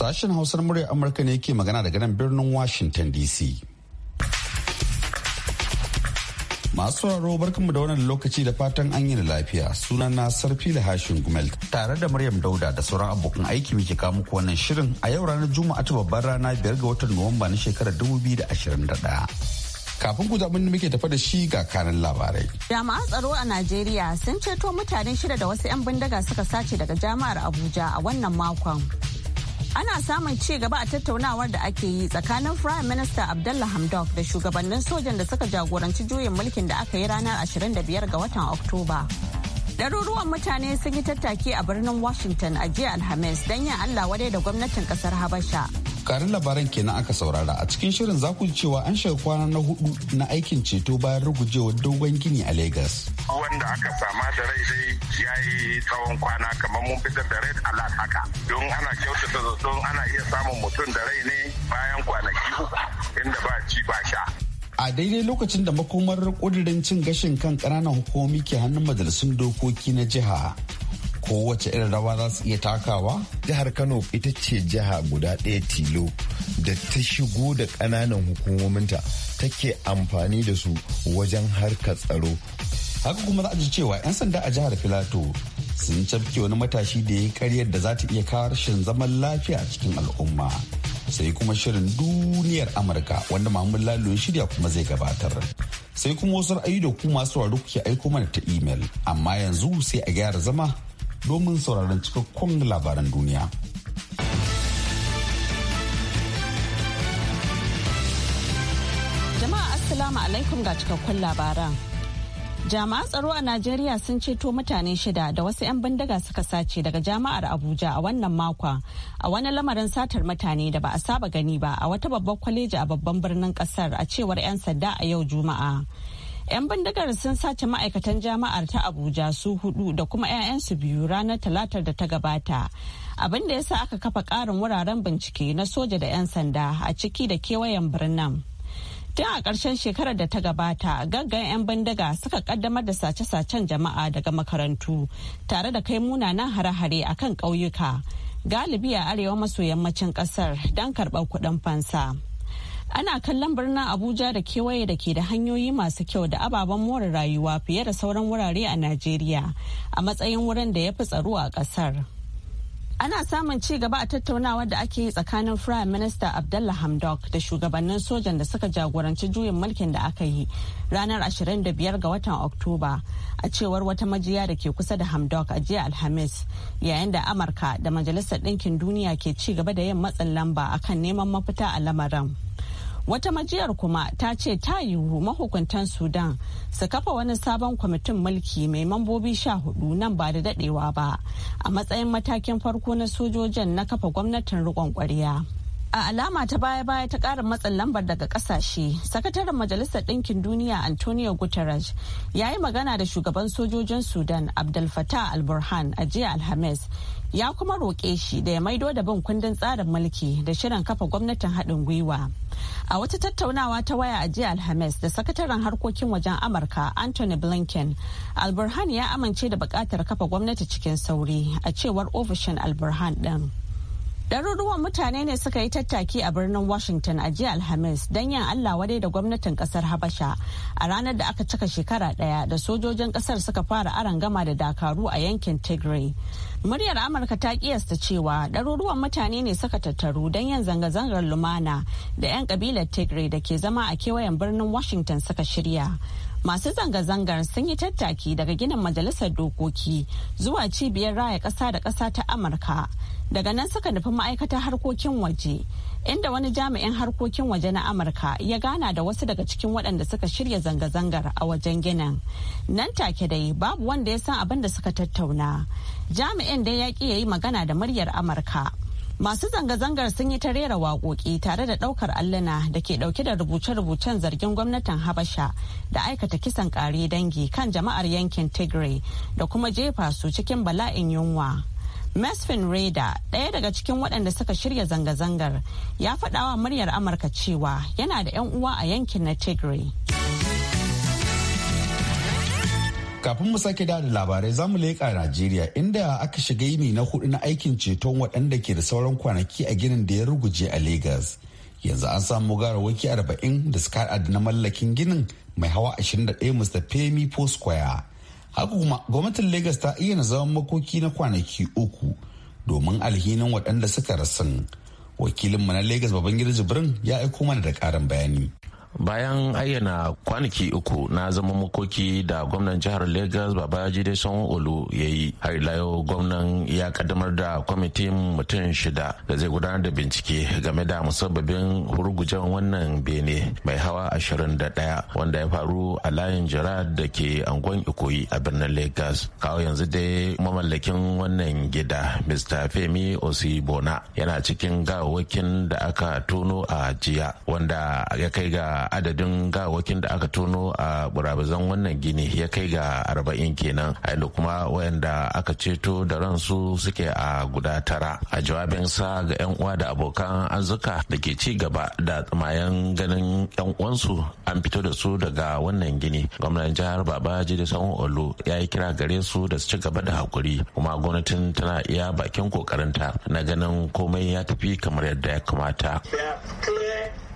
Sashen Hausar murya Amurka ne ke magana daga nan birnin Washington DC. Masu sauraro barkanmu da wannan lokaci da fatan an yi da lafiya suna na sarfi da hashin gumel tare da Maryam Dauda da sauran abokan aiki muke kawo muku wannan shirin a yau ranar Juma'a ta babbar rana biyar ga watan Nuwamba na shekarar 2021. kafin ku zaɓin da muke tafa da shi ga kanan labarai. Jami'an tsaro a Najeriya sun ceto mutane shida da wasu 'yan bindiga suka sace daga jami'ar Abuja a wannan makon. ana samun ci gaba a tattaunawar da ake yi tsakanin prime minister abdullah hamdok da shugabannin sojan da suka jagoranci juyin mulkin da aka yi ranar 25 ga watan oktoba Daruruwan mutane sun yi tattaki a birnin Washington a jiya Alhamis don yin Allah wadai da gwamnatin kasar Habasha. Karin labaran kenan aka saurara a cikin shirin za ji cewa an shiga kwana na hudu na aikin ceto bayan rugujewar dogon gini a Legas. Wanda aka sama da rai dai ya yi tsawon kwana kamar mun fitar da rai a haka. Don ana kyautata zaton ana iya samun mutum da rai ne bayan kwanaki uku inda ba ci ba sha. a daidai lokacin da makomar kudirin cin gashin kan kananan hukumomi ke hannun majalisun dokoki na jiha kowace irin rawa za su iya takawa? Jihar Kano ita ce jiha guda ɗaya tilo da ta shigo da ƙananan hukumominta take amfani da su wajen harkar tsaro. Haka kuma za a ji cewa 'yan sanda a jihar Filato sun cafke wani matashi da ya yi karyar da za ta iya kawo rashin zaman lafiya cikin al'umma. sai kuma shirin duniyar amurka wanda mamun lalo shirya kuma zai gabatar sai kuma wasu ra'ayi da ku masu sauraro kuke aiko mana ta imel amma yanzu sai a gyara zama domin sauraron cikakkun labaran duniya jama'a assalamu alaikum ga cikakkun labaran Jami'an tsaro a Najeriya sun ceto mutane shida da wasu 'yan bindiga suka sace daga jama'ar Abuja a wannan makon a wani lamarin satar mutane da ba a saba gani ba a wata babbar kwaleji a babban birnin kasar a cewar 'yan sanda a yau Juma'a. 'Yan bindigar sun sace ma'aikatan jama'ar ta Abuja su hudu da kuma 'ya'yansu biyu ranar talatar da ta gabata. Abin da ya sa aka kafa ƙarin wuraren bincike na soja da 'yan sanda a ciki da kewayen birnin. Tun a ƙarshen shekarar da ta gabata, gaggan 'yan bindiga suka kaddamar da sace-sacen jama'a daga makarantu tare da kai munanan hare-hare a kan ƙauyuka, galibi a arewa maso yammacin ƙasar don karɓar kuɗin fansa. Ana kallon birnin Abuja da kewaye da ke da hanyoyi masu kyau da ababen more rayuwa fiye da sauran wurare a Najeriya a matsayin wurin da ya fi tsaro a ƙasar. ana samun ci gaba a tattaunawar da ake yi tsakanin prime minister abdullah hamdok da shugabannin sojan da suka jagoranci juyin mulkin da aka yi ranar 25 ga watan oktoba a cewar wata majiya da ke kusa da hamdok a jiya alhamis yayin da amurka da majalisar ɗinkin duniya ke ci gaba da yin matsin lamba akan neman mafita a lamarin wata majiyar kuma ta ce ta yiwu mahukuntan sudan su kafa wani sabon kwamitin mulki mai mambobi sha hudu nan ba da dadewa ba a matsayin matakin farko na sojojin na kafa gwamnatin rikon ƙwarya a alama ta baya-baya ta ƙarin matsin lambar daga kasashe sakataren majalisar ɗinkin duniya antonio guterres ya yi magana da shugaban sojojin sudan abdul fatah al-burhan a jiya alhamis ya kuma roƙe shi da ya maido da bin kundin tsarin mulki da shirin kafa gwamnatin haɗin gwiwa A wata tattaunawa ta waya a jiya Alhamis da sakataren harkokin wajen Amurka Anthony Blinken, Alburhan ya amince da bukatar kafa gwamnati cikin sauri a cewar ofishin Alburhan ɗin. Ɗaruruwan mutane ne suka yi tattaki a birnin Washington a jiya Alhamis don yin Allah wadai da gwamnatin ƙasar Habasha a ranar da aka cika shekara ɗaya da sojojin ƙasar suka fara aron gama da dakaru a yankin Tigray. Muryar Amurka ta kiyasta cewa ɗaruruwan mutane ne suka tattaru don yin zanga-zangar lumana da 'yan ƙabilar Tigray da ke zama a kewayen birnin Washington suka shirya. masu zanga-zangar sun yi tattaki daga ginin majalisar dokoki zuwa cibiyar raya ƙasa da ƙasa ta amurka daga nan suka nufi ma'aikatar harkokin waje inda wani jami'in harkokin waje na amurka ya gana da wasu daga cikin waɗanda suka shirya zanga-zangar a wajen ginin nan take dai babu wanda ya san abin da suka tattauna jami'in dai ya ƙi ya yi magana da muryar amurka Masu zanga-zangar sun yi ta rera waƙoƙi tare da ɗaukar alluna da ke ɗauke da rubuce-rubucen zargin gwamnatin Habasha da aikata kisan ƙare dangi kan jama'ar yankin Tigray da kuma jefa su cikin bala'in yunwa. Mesfin Reda, ɗaya daga cikin waɗanda suka shirya zanga-zangar, ya faɗawa muryar Amurka cewa yana da 'yan uwa a yankin na Tigray. Kafin mu sake da labarai za mu leƙa Najeriya inda aka shiga yini na hudu na aikin ceton waɗanda ke da sauran kwanaki a ginin da ya ruguje a Legas. Yanzu an samu garawaki arba'in da suka mallakin ginin mai hawa 21 Mr. Femi Square. haka kuma gwamnatin lagos ta iya zaman makoki na kwanaki uku domin alhinin waɗanda suka rasin wakilinmu na lagos babangida jibrin ya aiko mana da ƙarin bayani bayan ayyana kwanaki uku na zama makoki da gwamnan jihar lagos babajide son olu ya yi har ila gwamnan ya kaddamar da kwamitin mutum shida da zai gudanar da bincike game da musabbabin hurgujen wannan bene mai hawa ashirin da ɗaya, wanda ya faru a layin jira da ke angon ikoyi a birnin lagos kawo yanzu dai mamallakin wannan gida mr femi osibona yana cikin gawawakin da aka tono a jiya wanda ya kai ga adadin gawakin da aka tono a burabazan wannan gini ya kai ga arba'in kenan a inda kuma wayanda aka ceto da ransu suke a guda tara a jawabin sa ga 'yan uwa da abokan arzuka da ke ci gaba da tsamayen ganin 'yan uwansu an fito da su daga wannan gini gwamnan jihar babaji da sanwo olu ya yi kira gare su da su ci gaba da hakuri kuma gwamnatin tana iya bakin kokarinta na ganin komai ya tafi kamar yadda ya kamata.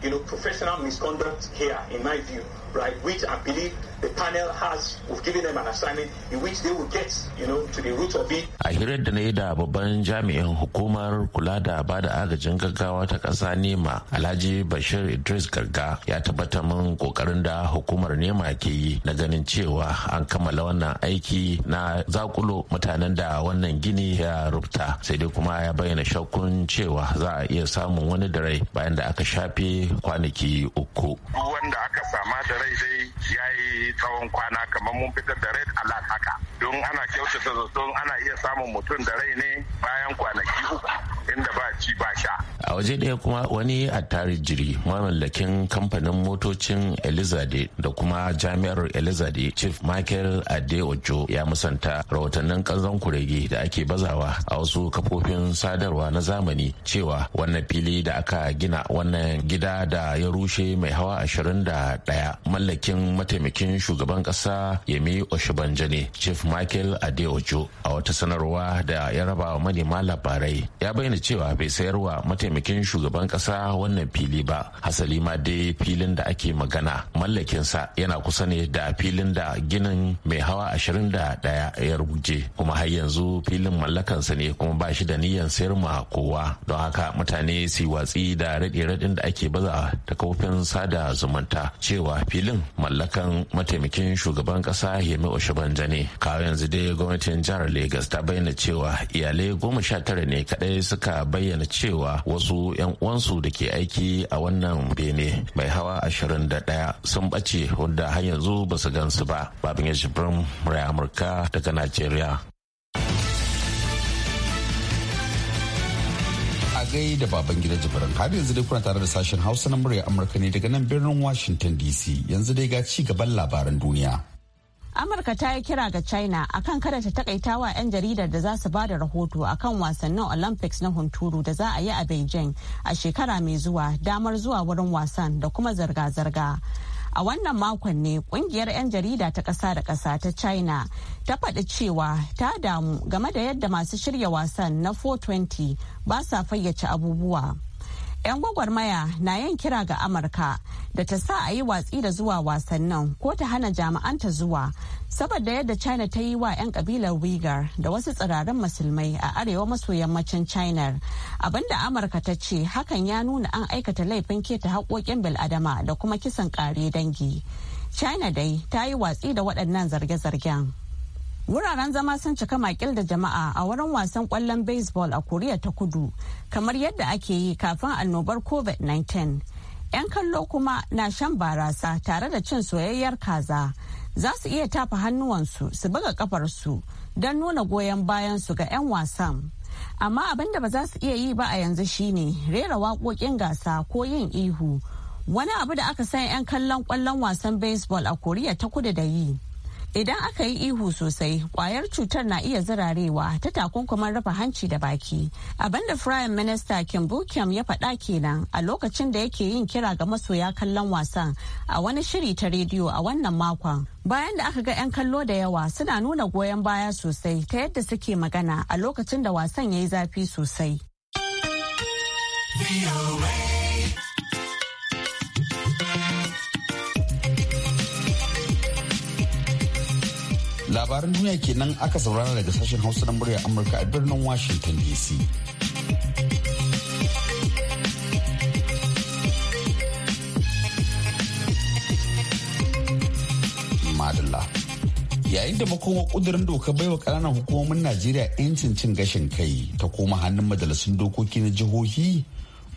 you know, professional misconduct here, in my view, right? Which I believe the panel has, we've given them an assignment in which they will get, you know, to the root of it. A hirar da na yi da babban jami'in hukumar kula da ba da agajin gaggawa ta ƙasa nema Alhaji Bashir Idris Garga ya tabbata min ƙoƙarin da hukumar nema ke yi na ganin cewa an kammala wannan aiki na zakulo mutanen da wannan gini ya rubuta sai dai kuma ya bayyana shakkun cewa za a iya samun wani da bayan da aka shafe kwanaki uku. Wanda aka sama da rai dai ya yi tsawon kwana kamar mun fitar da rai alert haka. Don ana kyautata zato ana iya samun mutum da rai ne bayan kwanaki uku. inda ba ci ba sha. A waje ɗaya kuma wani attari jiri mamallakin kamfanin motocin Elizade da kuma jami'ar Elizade Chief Michael Adeojo ya musanta rahotannin kanzon kurege da ake bazawa a wasu kafofin sadarwa na zamani cewa wannan fili da aka gina wannan gida da ya rushe mai hawa ashirin da ɗaya, mallakin mataimakin shugaban ƙasa Yemi Oshibanja ne Chief Michael Adeojo a wata sanarwa da ya raba wa manema labarai ya bayyana bayyana cewa bai sayarwa mataimakin shugaban kasa wannan fili ba hasali ma dai filin da ake magana mallakinsa yana kusa ne da filin da ginin mai hawa 21 ya ruguje kuma har yanzu filin mallakansa ne kuma ba shi da niyyar sayar ma kowa don haka mutane su watsi da raɗe-raɗin da ake baza ta kofin sada zumunta cewa filin mallakan mataimakin shugaban kasa yemi banja ne kawo yanzu dai gwamnatin jihar lagos ta bayyana cewa iyalai goma sha tara ne kaɗai suka suka bayyana cewa wasu 'yan uwansu da ke aiki a wannan bene mai hawa 21 sun bace wadda har yanzu ba su gansu ba babin ya murai amurka daga najeriya gai da baban gida jibirin har yanzu dai kuna tare da sashen hausa na murya amurka ne daga nan birnin washington dc yanzu dai ga ci gaban labaran duniya amurka ta yi kira ga china akan kada ta takaita wa 'yan jaridar da za su ba da rahoto kan wasannin olympics na hunturu da za a yi a beijing a shekara mai zuwa damar zuwa wurin wasan da kuma zirga-zirga a wannan makon ne kungiyar 'yan jarida ta ƙasa da ƙasa ta china ta faɗi cewa ta damu game da yadda masu shirya wasan na 420 ba sa fayyace abubuwa 'yan gwagwarmaya na yin kira ga amurka da ta sa a yi watsi da zuwa wasannin ko ta hana jami'anta zuwa saboda yadda china ta yi wa 'yan kabilar uighur da wasu tsirarin musulmai a arewa maso yammacin china abinda amurka ta ce hakan ya nuna an aikata laifin keta haƙoƙin bil'adama da kuma kisan ƙare dangi china dai ta yi watsi da waɗannan zarge-zargen Wuraren zama sun cika makil da jama'a a wurin wasan kwallon baseball a Koriya ta kudu, kamar yadda ake yi kafin annobar COVID-19. 'Yan kallo kuma na shan barasa tare da cin soyayyar kaza. Za su iya tafa hannuwansu su buga kafarsu don nuna goyon bayansu ga 'yan wasan. Amma abin da ba za su iya yi ba a yanzu shine rera waƙoƙin gasa ko yin ihu. wani abu da aka san 'yan kallon kwallon wasan baseball a koriya ta kudu da yi Idan aka yi ihu sosai, kwayar cutar na iya zirarewa ta takunkuman rufe hanci da baki. Abinda Prime Minister Kim Bukem ya faɗa kenan a lokacin da yake yin kira ga masoya kallon wasan a wani shiri ta rediyo a wannan makon. Bayan da aka ga 'yan kallo da yawa suna nuna goyon baya sosai ta yadda suke magana a lokacin da wasan ya yi zafi sosai. labaran duniya kenan aka saurara daga sashen hausa na muryar amurka a birnin washington dc madalla yayin da makoma kudurin doka baiwa kananan hukumomin najeriya 'yancin cin gashin kai ta koma hannun majalisun dokoki na jihohi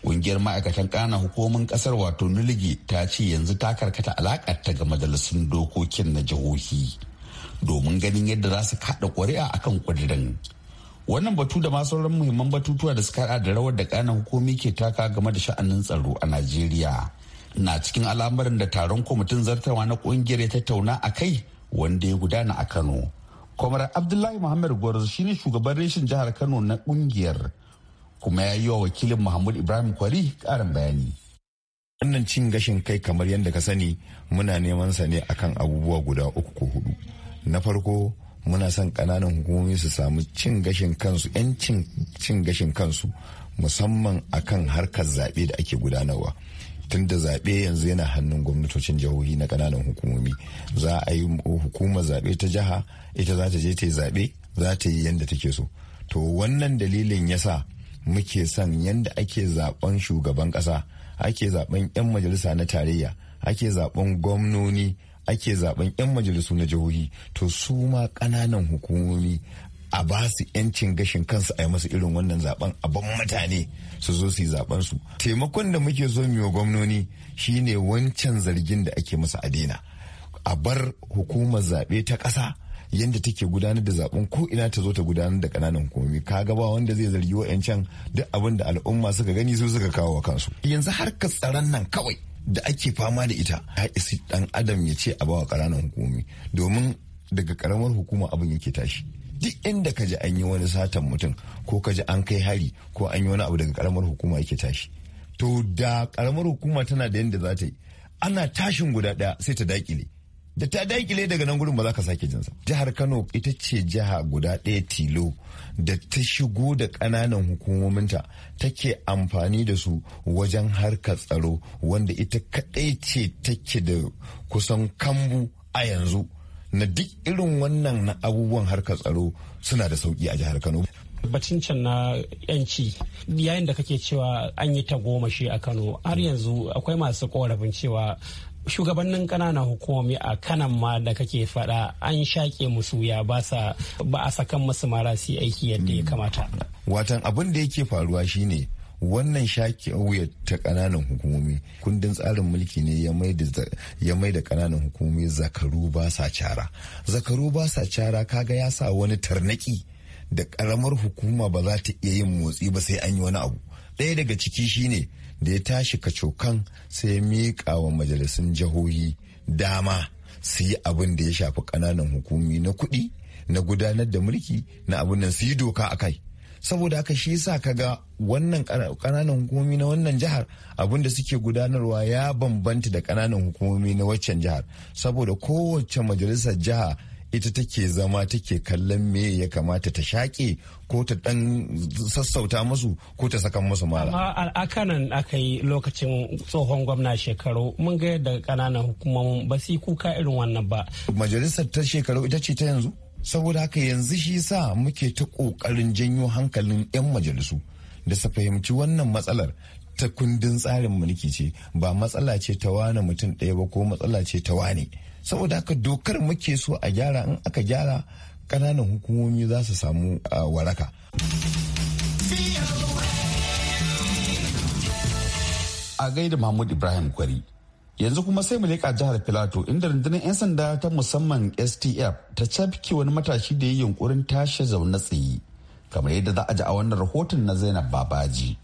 kungiyar ma'aikatan kananan hukumomin kasar wato nuligi ta ce yanzu ta karkata alakar ta ga majalisun dokokin na jihohi domin ganin yadda za su kaɗa ƙuri'a akan ƙudirin. Wannan batu da masu sauran muhimman batutuwa da suka da rawar da ƙananan hukumi ke taka game da sha'anin tsaro a Najeriya. Na cikin al'amarin da taron kwamitin zartawa na ƙungiyar ya tattauna a kai wanda ya gudana a Kano. Kwamar Abdullahi Muhammad shi shine shugaban reshen jihar Kano na ƙungiyar kuma ya yi wa wakilin Muhammad Ibrahim Kwari karin bayani. wannan cin gashin kai kamar yadda ka sani muna neman sa ne akan abubuwa guda uku ko hudu na farko muna son ƙananan hukumomi su samu cin gashin kansu 'yancin cin gashin kansu musamman a kan harkar zaɓe da ake gudanarwa tunda zaɓe yanzu yana hannun gwamnatocin jihohi na ƙananan hukumomi za a yi hukumar zaɓe ta jiha ita za ta je ta yi zaɓe za ta yi yadda take so to wannan dalilin yasa muke son yadda ake zaɓen shugaban ƙasa ake zaɓen 'yan majalisa na tarayya ake zaɓen gwamnoni ake zaben 'yan majalisu na jihohi to su ma ƙananan hukumomi a ba su 'yancin gashin kansu a yi masu irin wannan zaben a mutane su zo su yi zaben su taimakon da muke so wa gwamnoni shine wancan zargin da ake masa a a bar hukumar zaɓe ta ƙasa yadda take gudanar da zaben ko ina ta zo ta gudanar da kananan hukumomi ka gaba wanda zai zargi wa 'yancan duk abin da al'umma suka gani su suka kawo wa kansu yanzu harkar tsaron nan kawai da ake fama da ita ya isi dan adam ya ce a bawa ƙananan hukumi domin daga karamar hukuma abin yake tashi duk inda ka ji an yi wani satan mutum ko ka an kai hari ko an yi wani abu daga karamar hukuma yake tashi to da karamar hukuma tana da yadda za ta yi ana tashin guda ɗaya sai ta daƙile da ta dakile daga nan gudun ba za ka sake jinsa jihar kano ita ce jiha guda ɗaya tilo da ta shigo da ƙananan hukumominta take amfani da su wajen harkar tsaro wanda ita kaɗai ce take da kusan kambu a yanzu na duk irin wannan na abubuwan harkar tsaro suna da sauki a jihar kano batun can na yanci yayin da kake cewa an yi tagomashi a kano har yanzu akwai masu korafin cewa shugabannin ƙananan hukumomi a kanan ma da kake faɗa an shaƙe musu ya ba sa ba a sakan musu mara su aiki yadda ya hmm. kamata. Watan abin da yake faruwa shine wannan shaƙe wuya ta ƙananan hukumomi kundin tsarin mulki ne ya mai da ƙananan hukumomi zakaru ba sa cara zakaru ba sa cara kaga ya sa wani tarnaki da ƙaramar hukuma ba za ta iya yin motsi ba sai an yi wani abu ɗaya daga ciki shine da ya tashi kacokan sai ya miƙa wa majalisun jihohi dama su yi abin da ya shafi ƙananan hukumi na kuɗi na gudanar da mulki na abin nan su yi doka a kai saboda haka shi sa kaga wannan ƙananan hukumomi na wannan jihar abin da suke gudanarwa ya bambanta da ƙananan hukumomi na waccan jihar saboda kowace majalisar jiha ita take zama take kallon me ya kamata ta shaƙe ko ta ɗan sassauta musu ko ta saka musu mara. Amma al'akanan aka yi lokacin tsohon gwamna shekaru mun ga yadda ƙananan hukumomin ba su kuka irin wannan ba. Majalisar ta shekaru ita ce ta yanzu? Saboda haka yanzu shi sa muke ta ƙoƙarin janyo hankalin 'yan majalisu da su fahimci wannan matsalar ta kundin tsarin mulki ce ba matsala ce ta wane mutum ɗaya ba ko matsala ce ta wane. saboda haka dokar muke so a gyara in aka gyara ƙananan hukumomi za su samu waraka. a gaida mahmud ibrahim kwari yanzu kuma sai mu leƙa jihar filato inda rundunar 'yan sanda ta musamman stf ta cafke wani matashi da ya yi yunkurin tashi zaune tsaye kamar yadda za a ji a wannan rahoton na zainab babaji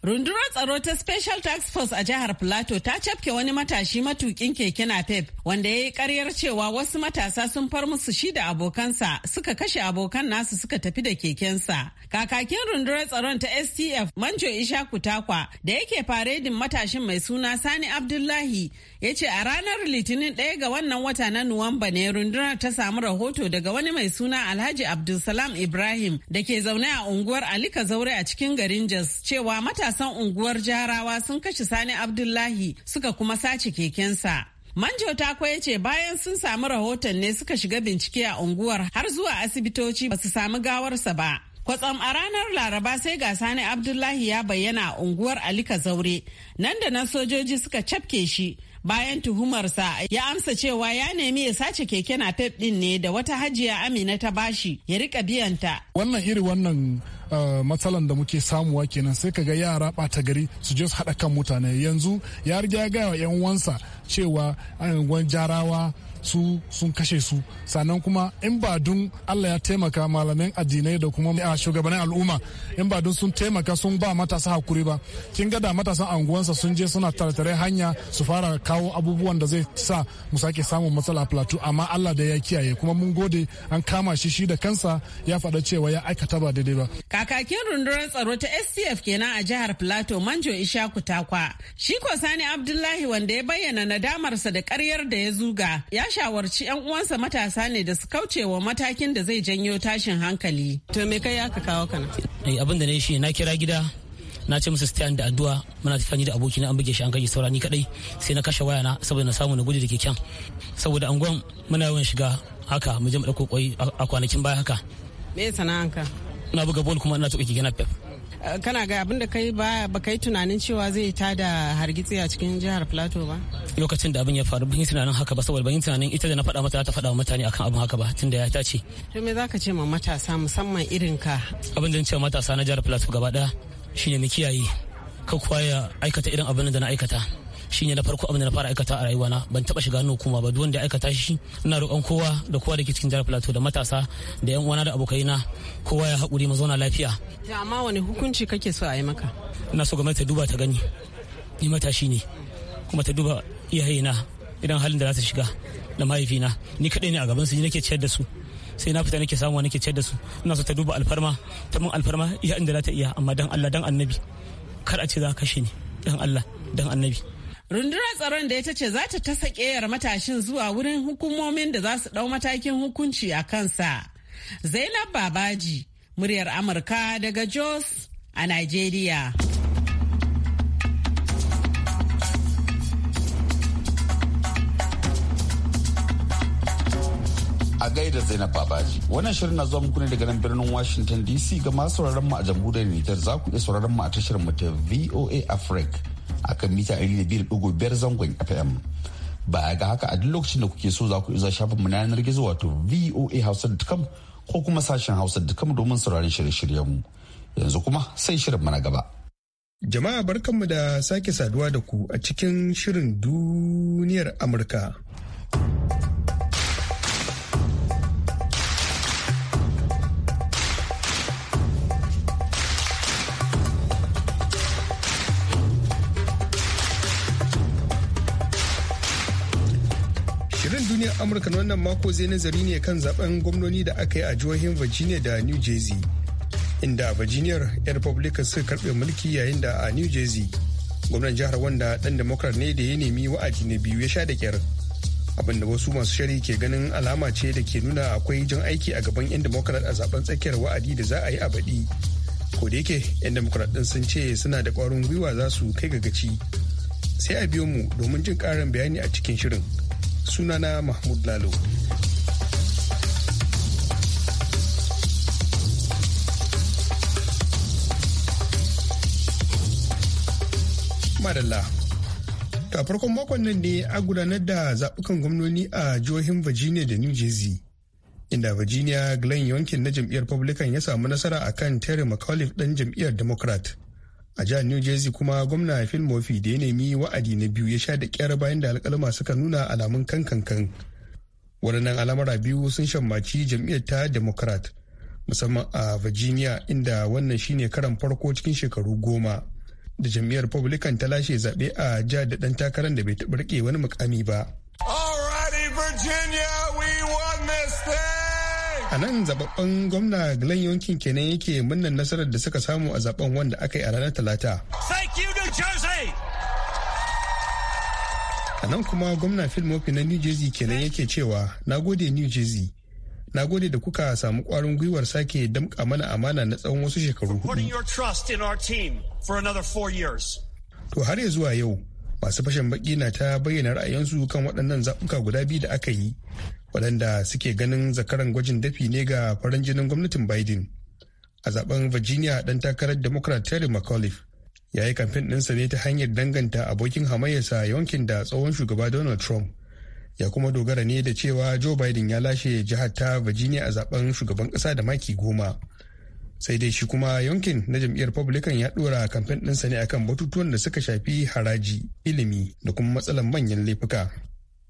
Rundunar tsaro ta Special Task Force a jihar Plateau ta cafke wani matashi matukin keke napep wanda ya yi karyar cewa wasu matasa sun far musu shi da abokansa suka kashe abokan nasu suka tafi da kekensa. Kakakin rundunar tsaron ta STF Manjo Ishaku Takwa da yake faredin matashin mai suna Sani Abdullahi ya ce a ranar litinin ɗaya ga wannan wata na nuwamba ne rundunar ta samu rahoto daga wani mai suna alhaji abdulsalam ibrahim da ke zaune a unguwar alika zaure a cikin garin jos cewa matasan unguwar jarawa sun kashe sani abdullahi suka kuma sace kekensa Manjo ta ya ce bayan sun samu rahoton ne suka shiga bincike a unguwar har zuwa asibitoci ba su samu gawarsa ba. Kwatsam a ranar Laraba sai ga Sani Abdullahi ya bayyana a unguwar Alika Zaure. Nan da nan sojoji suka cafke shi bayan tuhumarsa ya amsa cewa ya nemi ya sace keke na pep din ne da wata hajiya amina ta bashi ya rika biyan ta. wannan iri wannan Uh, matsalan da muke samuwa kenan sai kaga yara bata gari su je su haɗa kan mutane yanzu ya riga ya gaya wa 'yan wansa cewa eh, an jarawa su sun kashe su sannan kuma in ba dun allah ya taimaka malamin addinai da kuma a shugabannin al'umma in ba dun sun taimaka sun ba matasa hakuri ba kin ga da matasan anguwansa sun je suna tattare hanya su fara kawo abubuwan da zai sa mu sake samun matsala plateau amma allah da ya kiyaye kuma mun gode an kama shi shi da kansa ya faɗa cewa ya aikata ba daidai ba kakakin rundunar tsaro ta stf kenan a jihar plateau manjo ishaku takwa shi ko sani abdullahi wanda ya bayyana nadamarsa da karyar da ya zuga ya shawarci 'yan uwansa matasa ne da su kauce wa matakin da zai janyo tashin hankali. To me kai aka kawo kana? Eh, abin da na yi shi na kira gida na ce musu stand da addu'a muna tafiya ni da abokina an buge shi an kai saura ni kadai sai na kashe wayana saboda na samu na gudu da keken saboda angon muna yawan shiga haka mu je mu dauko kwai a kwanakin baya haka. Me sana'anka? Na buga bol kuma ina tuki gina pep Eh, kana ga abin da kai ba baka yi tunanin cewa zai tada hargitsi a cikin jihar plateau ba lokacin da abin ya faru ban yi tunanin haka ba saboda ban tunanin ita da na faɗa mata ta faɗa wa mutane akan abin haka ba tun da ya tace to me zaka ce ma matasa musamman irin ka abin da ce matasa na jihar plateau gaba ɗaya shine mu kiyaye ka aikata irin abin da na aikata ne na farko abin da na fara aikata a rayuwana ban taba shiga hannun kuma ba duk wanda aikata shi ina roƙon kowa da kowa da ke cikin jihar plateau da matasa da yan uwana da abokaina kowa ya haƙuri mu zauna lafiya amma wani hukunci kake so a yi maka ina so gwamnati ta duba ta gani ni matashi ne kuma ta duba iyayena idan halin da za ta shiga da mahaifina ni kaɗai ne a gaban su ni nake ciyar da su sai na fita nake samuwa nake ciyar da su ina so ta duba alfarma ta mun alfarma iya inda za ta iya amma dan Allah dan annabi kar a ce za ka kashe ni dan Allah dan annabi rundunar tsaron da ita ce za ta tasa ƙeyar matashin zuwa wurin hukumomin da za su ɗau matakin hukunci a kansa zainab babaji muryar amurka daga jos a nigeria a gaida zainab babaji wannan shirin na zuwa muku ne daga nan birnin washington dc ga masu sauraron mu a jamhuriyar nijar za ku iya sauraron mu a tashar mu ta voa africa a kan mita biyar zangon FM. ba ga haka a duk lokacin da kuke so za ku iza shafin mu na yanar gizo wato voa voahausa.com ko kuma sashen hausa.com domin sauraron shirye-shiryenmu. Yanzu kuma sai shirin mu gaba. Jama'a barkanmu da sake saduwa da ku a cikin shirin duniyar Amurka. duniyar amurka na wannan mako zai nazari ne kan zaben gwamnoni da aka yi a jihohin virginia da new jersey inda a virginia 'yan republican suka karbe mulki yayin da a new jersey gwamnan jihar wanda dan democrat ne da ya nemi wa'adi na biyu ya sha da kyar abinda wasu masu shari ke ganin alama ce da ke nuna akwai jan aiki a gaban 'yan democrat a zaben tsakiyar wa'adi da za a yi a baɗi ko yake 'yan democrat din sun ce suna da kwarin gwiwa za su kai gagaci sai a biyo mu domin jin karin bayani a cikin shirin sunana mahmud lalo madalla ta farkon makon nan ne a gudanar da zaɓukan gwamnoni a jihohin virginia da new jersey inda virginia glenn yankin na jam'iyyar republican ya samu nasara akan terry mcauliffe ɗan jam'iyyar democrat a jihar new jersey kuma gwamna phil murphy da ya nemi wa'adi na biyu ya sha da kyar bayan da alkalma suka nuna alamun kankankan waɗannan al'amura biyu sun shammaci jam'iyyar ta democrat musamman a virginia inda wannan shine karan farko cikin shekaru goma da jam'iyyar republican ta lashe zaɓe a jihar da ɗan takarar da bai taɓa rike wani mukami ba. Alrighty, Virginia, we won this thing. a nan zababben gwamna glenn yankin kenan yake murnar nasarar da suka samu a zaben wanda aka yi a ranar talata a nan kuma gwamna phil murphy na new jersey kenan yake cewa na gode new jersey na gode da kuka samu kwarin gwiwar sake damƙa mana amana na tsawon wasu shekaru to har ya zuwa yau masu fashin baƙi na ta bayyana ra'ayinsu kan waɗannan zaɓuka guda biyu da aka yi waɗanda suke ganin zakaran gwajin dafi ne ga farin jinin gwamnatin biden a zaben virginia ɗan takarar democrat terry mcauliffe ya yi kamfen ɗinsa ne ta hanyar danganta abokin hamayyarsa yankin da tsohon shugaba donald trump ya kuma dogara ne da cewa joe biden ya lashe jihar ta virginia a zaben shugaban ƙasa da maki goma sai dai shi kuma yankin na jam'iyyar republican ya ɗora kamfen ɗinsa ne akan batutuwan da suka shafi haraji ilimi da kuma matsalar manyan laifuka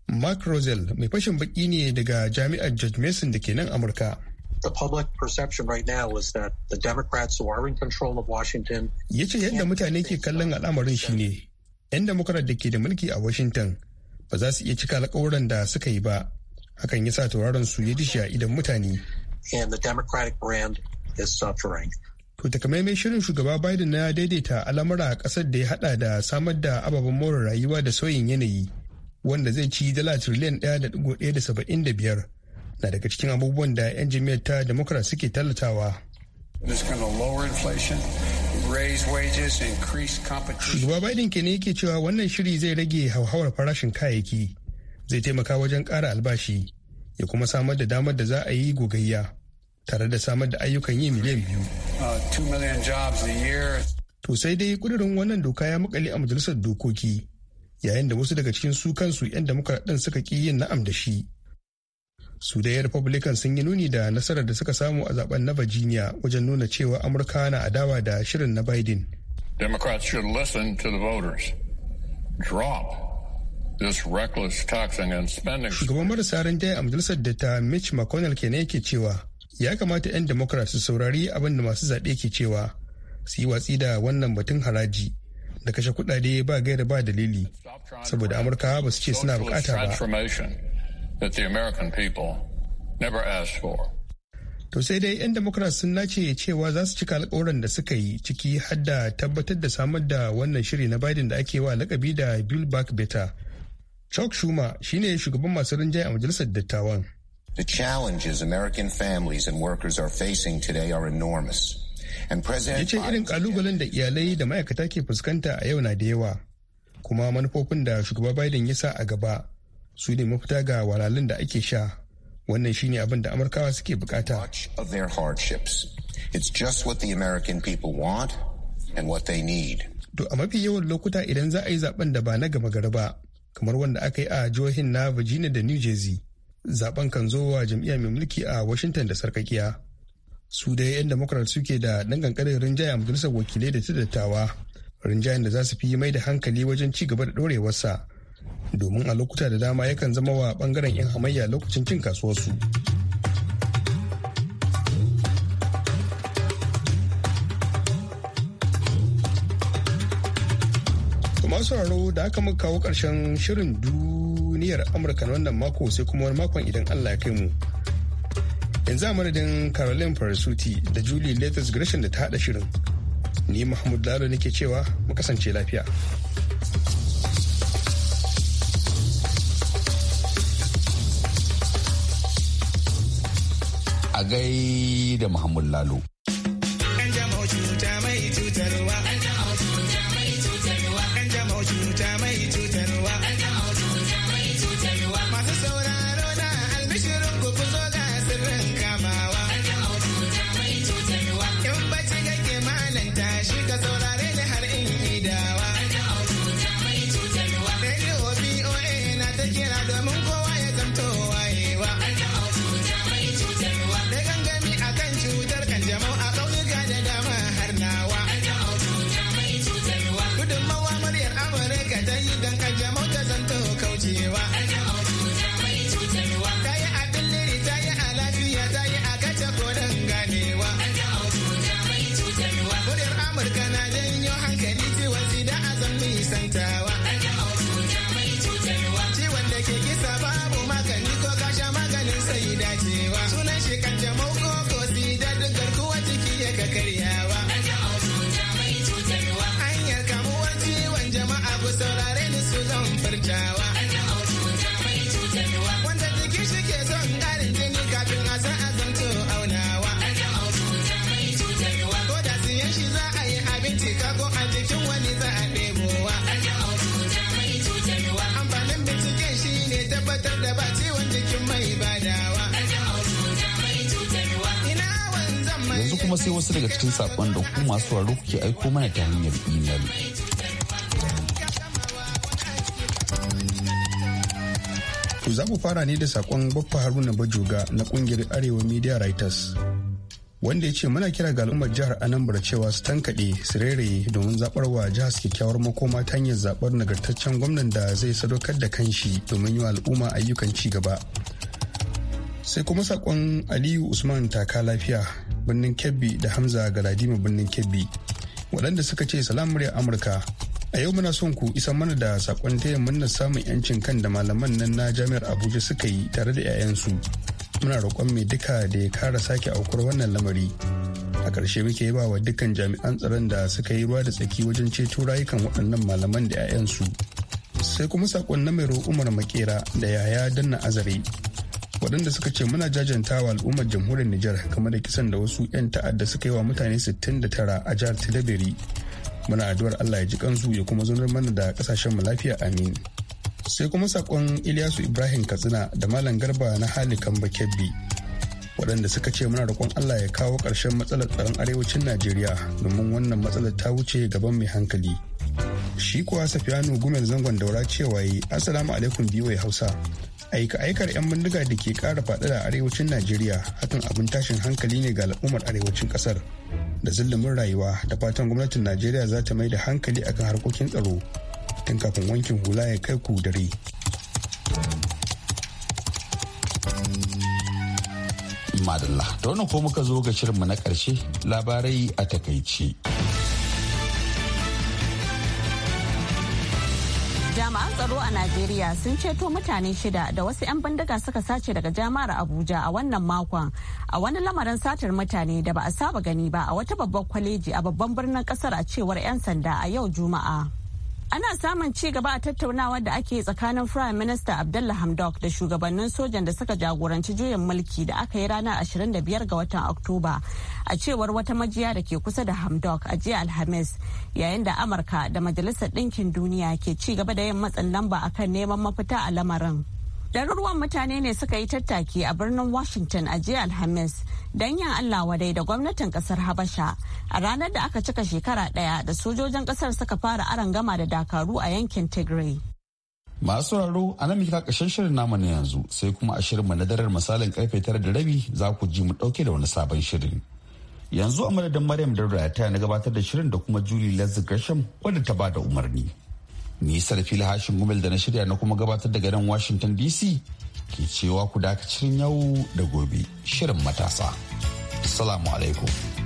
Mark Rosell mai fashin baki ne daga jami'ar George Mason da ke nan Amurka. the public perception right now is that the Democrats who are in control of Washington. Ya yadda mutane ke kallon al'amarin ne 'yan Democrat da ke da mulki a Washington ba za su iya cika alkawuran da suka yi ba. Hakan ya sa tauraron su ya dishi a idan mutane. And the Democratic brand is suffering. To takamaimai shirin shugaba Biden na daidaita al'amura a ƙasar da ya hada da samar da ababen more rayuwa da sauyin yanayi. wanda zai ci dala tiriliyan biyar na daga cikin abubuwan da 'yan jami'ar ta democrat suke tallatawa shugaba biden ke ne yake cewa wannan shiri zai rage hauhawar farashin kayayyaki zai taimaka wajen ƙara albashi ya kuma samar da damar da za a yi gogayya tare da samar da ayyukan yi miliyan biyu. Uh, to sai dai kudurin wannan doka ya makale a majalisar dokoki yayin da wasu daga cikin su kansu 'yan democrat ɗin suka ki yin na'am da shi su dai republican sun yi nuni da nasarar da suka samu a zaben na virginia wajen nuna cewa amurka na adawa da shirin na biden democrats should listen to the voters drop Shugaban marasa rantaya a majalisar da ta Mitch McConnell kenan yake cewa ya kamata 'yan Democrats su saurari abin da masu zaɓe ke cewa su yi watsi da wannan batun haraji da kashe kudade ba gaira ba dalili saboda amurka ba su ce suna bukata ba to sai dai 'yan democrats sun nace cewa za su cika alkawuran da suka yi ciki hadda tabbatar da samar da wannan shiri na biden da ake wa lakabi da bill back better chuck schumer shine shugaban masu rinjaye a majalisar dattawan The challenges American families and workers are facing today are enormous. Ya ce irin kalubalen da iyalai da ma'aikata ke fuskanta a yau na da yawa, kuma manufofin da shugaba Biden ya sa a gaba su ne mafita ga walalun da ake sha. Wannan shine abin da Amurkawa suke bukata. It's the want they To a mafi yawan lokuta idan za a yi zaben da ba na gama gari ba, kamar wanda aka yi a jihohin na Virginia da New Jersey, zaben kan zo wa jam'iyya mai mulki a Washington da sarkakiya. su dai 'yan democrat suke da ɗan ƙanƙanin rinjaye a majalisar wakilai da ta dattawa rinjayen da za su fi mai da hankali wajen ci gaba da ɗorewarsa domin a lokuta da dama yakan zama wa bangaren 'yan hamayya lokacin cin kasuwarsu. su sauraro da aka muka kawo karshen shirin duniyar amurka na wannan mako sai kuma wani makon idan allah ya kai mu yanzu a madadin caroline farasuti da julie latest gresham da ta hada shirin ni mahmud lalo nake cewa mu kasance lafiya a gai da mahmud lalo yanzu kuma sai wasu daga cikin saƙon da ku masu sauraro ke aiko mana ta hanyar imel. To za mu fara ne da sakon Baffa Haruna Bajoga na kungiyar Arewa Media Writers. Wanda ya ce muna kira ga al'ummar jihar Anambra cewa su tankaɗe su rere domin zaɓar wa jihar su kyakkyawar makoma ta hanyar zaɓar nagartaccen gwamnan da zai sadaukar da kanshi domin yi wa al'umma ayyukan ci gaba. sai kuma sakon aliyu usman taka lafiya birnin kebbi da hamza ga ladima birnin kebbi waɗanda suka ce salam murya amurka a yau muna son ku isa mana da sakon taya murna samun yancin kan da malaman nan na jami'ar abuja suka yi tare da 'ya'yansu muna roƙon mai duka da ya kara sake aukuwar wannan lamari a ƙarshe muke yaba wa dukkan jami'an tsaron da suka yi ruwa da tsaki wajen ceto rayukan waɗannan malaman da 'ya'yansu sai kuma sakon na mai umar makera da yaya danna azare waɗanda suka ce muna jajantawa al'ummar jamhuriyar Nijar game da kisan da wasu 'yan ta'adda suka yi wa mutane 69 a jihar Tilaberi. Muna addu'ar Allah ya ji kansu ya kuma zunar mana da kasashen mu lafiya amin. Sai kuma sakon Ilyasu Ibrahim Katsina da Malam Garba na Hali Kamba Kebbi. Waɗanda suka ce muna roƙon Allah ya kawo ƙarshen matsalar tsaron arewacin Najeriya domin wannan matsalar ta wuce gaban mai hankali. shi kuwa safiyanu gumel zangon daura cewa yi assalamu alaikum biyu hausa aika-aikar 'yan bindiga da ke kara a arewacin najeriya hakan abin tashin hankali ne ga al'ummar arewacin kasar. da zillumin rayuwa da fatan gwamnatin najeriya za ta mai da hankali akan harkokin tsaro tun kafin wankin hula ya kai ku dare madalla da wannan ko muka zo ga shirinmu na karshe labarai a takaici. tsaro a Najeriya sun ceto mutane shida da wasu 'yan bindiga suka sace daga jama'ar Abuja a wannan makon a wani lamarin satar mutane da ba a saba gani ba a wata babbar kwaleji a babban birnin kasar a cewar 'yan sanda a yau Juma'a. ana samun ci gaba a tattaunawar da ake tsakanin prime minister abdullah hamdok da shugabannin sojan da suka jagoranci juyin mulki da aka yi ranar 25 ga watan oktoba a cewar wata majiya da ke kusa da hamdok a jiya alhamis yayin da amurka da majalisar ɗinkin duniya ke ci gaba da yin matsin lamba akan neman mafita a lamarin Ɗaruruwan mutane ne suka yi tattaki a birnin Washington a jiya Alhamis don yin Allah wadai da gwamnatin ƙasar Habasha a ranar da aka cika shekara ɗaya da sojojin ƙasar suka fara gama da dakaru a yankin Tigray. Masu sauraro a nan muka ƙarshen shirin namu na yanzu sai kuma a shirinmu na darar misalin karfe tara da rabi za ku ji mu ɗauke da wani sabon shirin. Yanzu a madadin Maryam Dauda ta na gabatar da shirin da kuma Julie Lazzy Gresham wadda ta ba da umarni. Nisar sarfi hashin gumel da na shirya na kuma gabatar da garin Washington DC ke cewa ku dakacin yau da gobe shirin matasa. Assalamu alaikum.